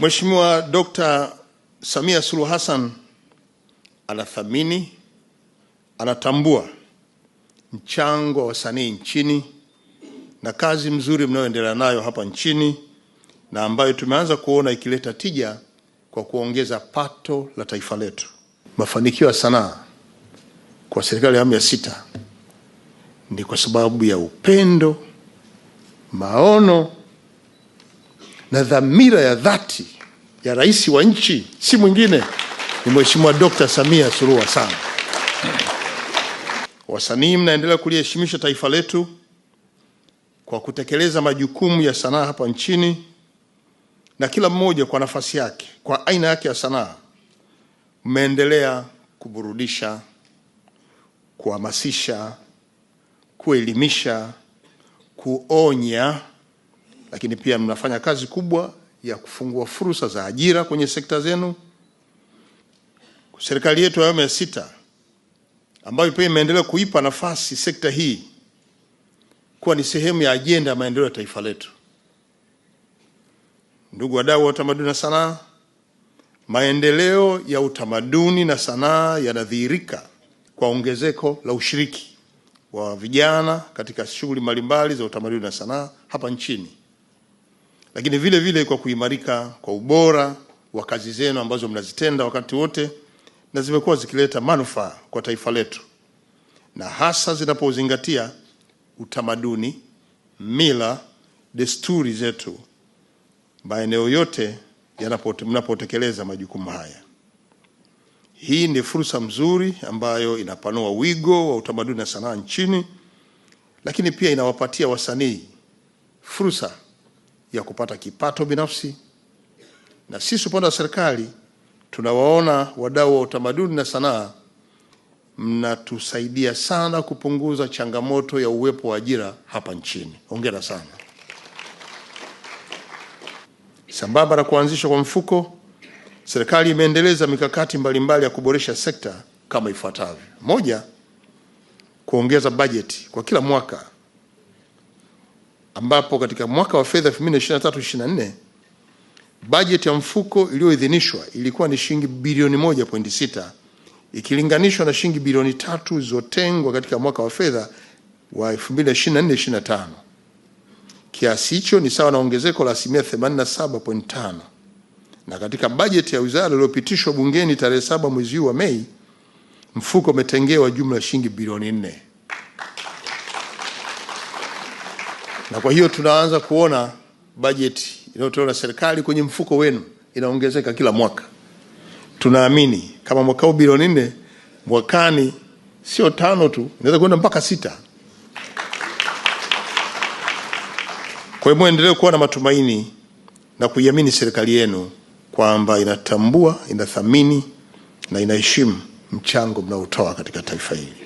Mheshimiwa Dkt. Samia Suluhu Hassan anathamini, anatambua mchango wa wasanii nchini na kazi mzuri mnayoendelea nayo hapa nchini na ambayo tumeanza kuona ikileta tija kwa kuongeza pato la taifa letu. Mafanikio ya sanaa kwa serikali ya awamu ya sita ni kwa sababu ya upendo, maono na dhamira ya dhati ya rais wa nchi si mwingine ni Mheshimiwa Dkt. Samia Suluhu Hassan. Wasanii mnaendelea kuliheshimisha taifa letu kwa kutekeleza majukumu ya sanaa hapa nchini, na kila mmoja kwa nafasi yake, kwa aina yake ya sanaa, mmeendelea kuburudisha, kuhamasisha, kuelimisha, kuonya lakini pia mnafanya kazi kubwa ya kufungua fursa za ajira kwenye sekta zenu. Serikali yetu ya awamu ya sita ambayo pia imeendelea kuipa nafasi sekta hii kuwa ni sehemu ya ajenda ya maendeleo ya taifa letu. Ndugu wadau wa utamaduni na sanaa, maendeleo ya utamaduni na sanaa yanadhihirika kwa ongezeko la ushiriki wa vijana katika shughuli mbalimbali za utamaduni na sanaa hapa nchini lakini vile vile kwa kuimarika kwa ubora wa kazi zenu ambazo mnazitenda wakati wote na zimekuwa zikileta manufaa kwa taifa letu, na hasa zinapozingatia utamaduni, mila, desturi zetu maeneo yote mnapotekeleza majukumu haya. Hii ni fursa mzuri ambayo inapanua wigo wa utamaduni na sanaa nchini, lakini pia inawapatia wasanii fursa ya kupata kipato binafsi, na sisi upande wa serikali tunawaona wadau wa utamaduni na sanaa, mnatusaidia sana kupunguza changamoto ya uwepo wa ajira hapa nchini. Hongera sana. Sambamba na kuanzishwa kwa mfuko, serikali imeendeleza mikakati mbalimbali ya kuboresha sekta kama ifuatavyo: moja, kuongeza bajeti kwa kila mwaka ambapo katika mwaka wa fedha 2023/24 bajeti ya mfuko iliyoidhinishwa ilikuwa ni shilingi bilioni 1.6 ikilinganishwa na shilingi bilioni tatu zilizotengwa katika mwaka wa fedha wa 2024/25. Kiasi hicho ni sawa na ongezeko la asilimia 87.5. Na katika bajeti ya wizara iliyopitishwa bungeni tarehe 7 mwezi huu wa Mei, mfuko umetengewa jumla shilingi bilioni 4. na kwa hiyo tunaanza kuona bajeti inayotolewa na serikali kwenye mfuko wenu inaongezeka kila mwaka. Tunaamini kama mwaka huu bilioni nne, mwakani sio tano tu, inaweza kwenda mpaka sita. Kwa hiyo muendelee kuwa na matumaini na kuiamini serikali yenu kwamba inatambua, inathamini na inaheshimu mchango mnaotoa katika taifa hili.